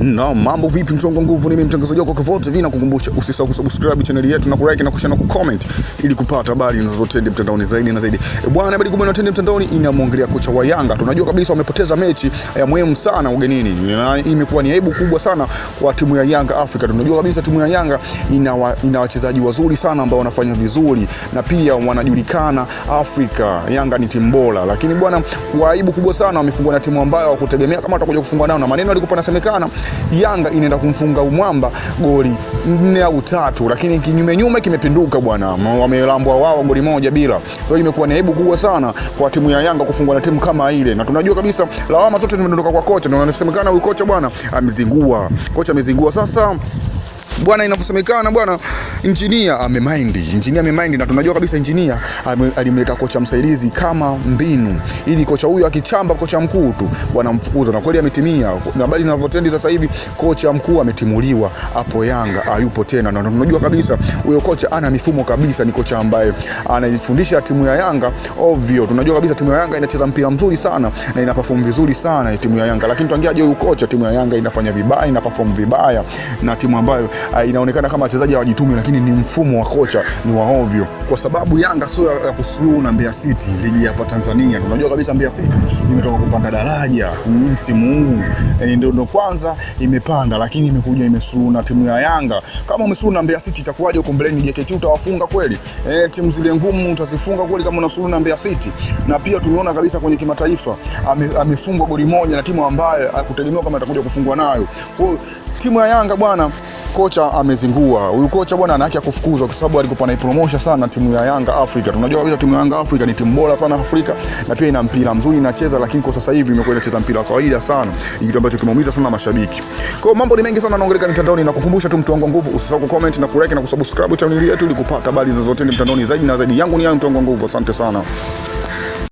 Na mambo vipi, mtu wangu nguvu, mimi mtangazaji wako Kevoo TV, na kukumbusha usisahau kusubscribe channel yetu na kulike na kushare na kucomment ili kupata habari zinazotrend mtandaoni zaidi na zaidi. E bwana, habari kubwa inayotrend mtandaoni inamwongelea kocha wa Yanga. Tunajua kabisa wamepoteza mechi ya eh, muhimu sana ugenini, na imekuwa ni aibu kubwa sana kwa timu ya Yanga Africa. Tunajua kabisa timu ya Yanga ina wachezaji wazuri sana ambao wanafanya vizuri na pia wanajulikana Afrika. Yanga ni timu bora, lakini bwana, kwa aibu kubwa sana wamefungwa na timu ambayo hawakutegemea kama watakuja kufungwa nao, na maneno yalikuwa yanasemekana Yanga inaenda kumfunga Umwamba goli nne au tatu, lakini kinyume nyume kimepinduka bwana, wamelambwa wao goli moja bila. Kwa hiyo imekuwa ni aibu kubwa sana kwa timu ya Yanga kufungwa na timu kama ile, na tunajua kabisa lawama zote zimeondoka kwa kocha, na unasemekana huyu kocha bwana amezingua, kocha amezingua sasa bwana, inavyosemekana bwana, injinia amemind, injinia amemind, na tunajua kabisa injinia alimleta kocha msaidizi kama mbinu, ili kocha huyu akichamba kocha mkuu tu wanamfukuza, na kweli ametimia. Na bali zinavyotendi sasa hivi kocha mkuu ametimuliwa hapo, Yanga hayupo tena, na tunajua kabisa huyo kocha ana mifumo kabisa, ni kocha ambaye anajifundisha timu ya Yanga ovyo. Tunajua kabisa timu ya Yanga inacheza mpira mzuri sana na ina perform vizuri sana timu ya Yanga, lakini tuangiaje huyu kocha, timu ya Yanga inafanya vibaya, ina perform vibaya na timu ambayo uh, inaonekana kama wachezaji hawajitumi, lakini ni mfumo wa kocha ni waovyo, kwa sababu Yanga sio ya ya kusuluhu na Mbeya City ligi hapa Tanzania. Unajua kabisa Mbeya City imetoka kupanda daraja msimu huu yani, e, ndio ndio kwanza imepanda, lakini imekuja imesuluhu na timu ya Yanga. Kama umesuluhu na Mbeya City itakuwaje huko mbeleni? JKT utawafunga kweli? E, timu zile ngumu utazifunga kweli kama unasuluhu na Mbeya City? Na pia tumeona kabisa kwenye kimataifa amefungwa ame goli moja na timu ambayo hakutegemewa ah, kama atakuja kufungwa nayo. Kwa timu ya Yanga bwana kocha amezingua. Huyu kocha bwana ana haki ya kufukuzwa kwa sababu alikuwa anaipromosha sana timu ya Yanga Africa. Tunajua kabisa timu ya Yanga Africa ni timu bora sana Afrika na pia ina mpira mzuri inacheza, lakini kwa sasa hivi imekuwa inacheza mpira wa kawaida sana, kitu ambacho kimeumiza sana mashabiki. Kwa hiyo mambo ni mengi sana yanaongeleka mitandaoni, na kukumbusha tu mtu wangu nguvu, usisahau kucomment na kulike na kusubscribe channel yetu ili kupata habari zozote mtandaoni zaidi na zaidi. Yangu ni yangu mtu wangu nguvu, asante sana.